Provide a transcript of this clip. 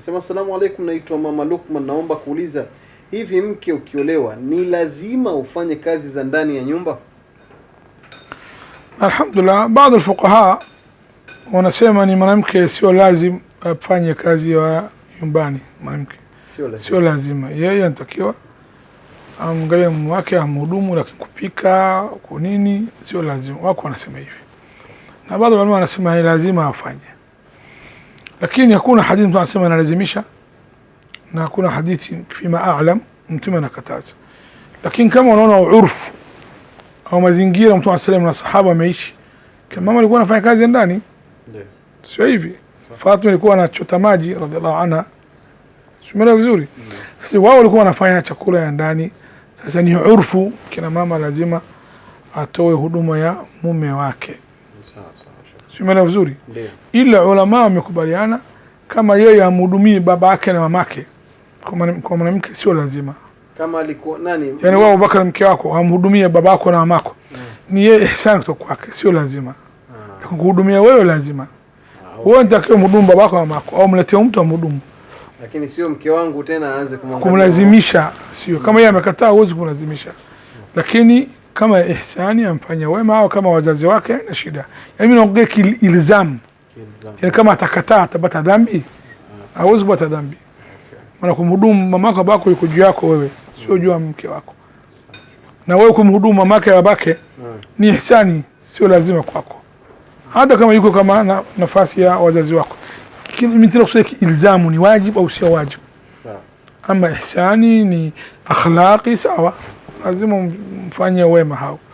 Sema asalamu alaikum, naitwa Mama Lukman, naomba kuuliza hivi, mke ukiolewa ni lazima ufanye kazi za ndani ya nyumba? Alhamdulillah, baadhi ya wanasema ni mwanamke sio lazim afanye kazi ya nyumbani. Mwanamke sio lazima, sio lazima. Yeye anatakiwa amgalie mume wake amhudumu, lakini kupika kunini sio lazima. Wako wanasema hivi, na baadhi wanasema ni lazima afanye lakini hakuna hadithi mtu anasema analazimisha, na hakuna hadithi fima alam mtume anakataza. Lakini kama unaona urfu au mazingira mtume sallam na sahaba ameishi, kama mama alikuwa anafanya kazi ndani, sio hivi. Fatima alikuwa anachota maji radhiallahu anha, sumera vizuri. Sasa wao walikuwa wanafanya chakula ya ndani. Sasa ni urfu, kina mama lazima atoe huduma ya mume wake. Simeelewa vizuri? Ila ulama wamekubaliana kama yeye amhudumie baba yake na mamake kwa mwanamke sio lazima. Kama alikuwa nani? Yaani wao Abubakar mke wako amhudumie yako na mamako. Hmm. Ni yeye ihsani kutoka kwake sio lazima. ah. Kuhudumia wewe lazima. Ah, wewe nitakiwa mhudumu yako na mamako au mletee mtu amhudumu. Lakini sio mke wangu tena aanze kumlazimisha, sio. Kama yeye amekataa huwezi kumlazimisha. Hmm. Lakini kama ihsani amfanya wema au kama wazazi wake, haina shida. Yaani naongea kiilzamu, yaani kama atakataa atapata dhambi? Hawezi kupata dhambi, maana kumhudumu mamako babako yuko juu yako wewe, sio juu ya mke wako. Na wewe kumhudumu mamake babake hmm. ni ihsani, sio lazima kwako, hata kama yuko kama na nafasi ya wazazi wako. Mtirakusudi kiilzamu ni wajibu au sio wajibu? Ama ihsani ni akhlaqi, sawa lazima mfanye wema hao.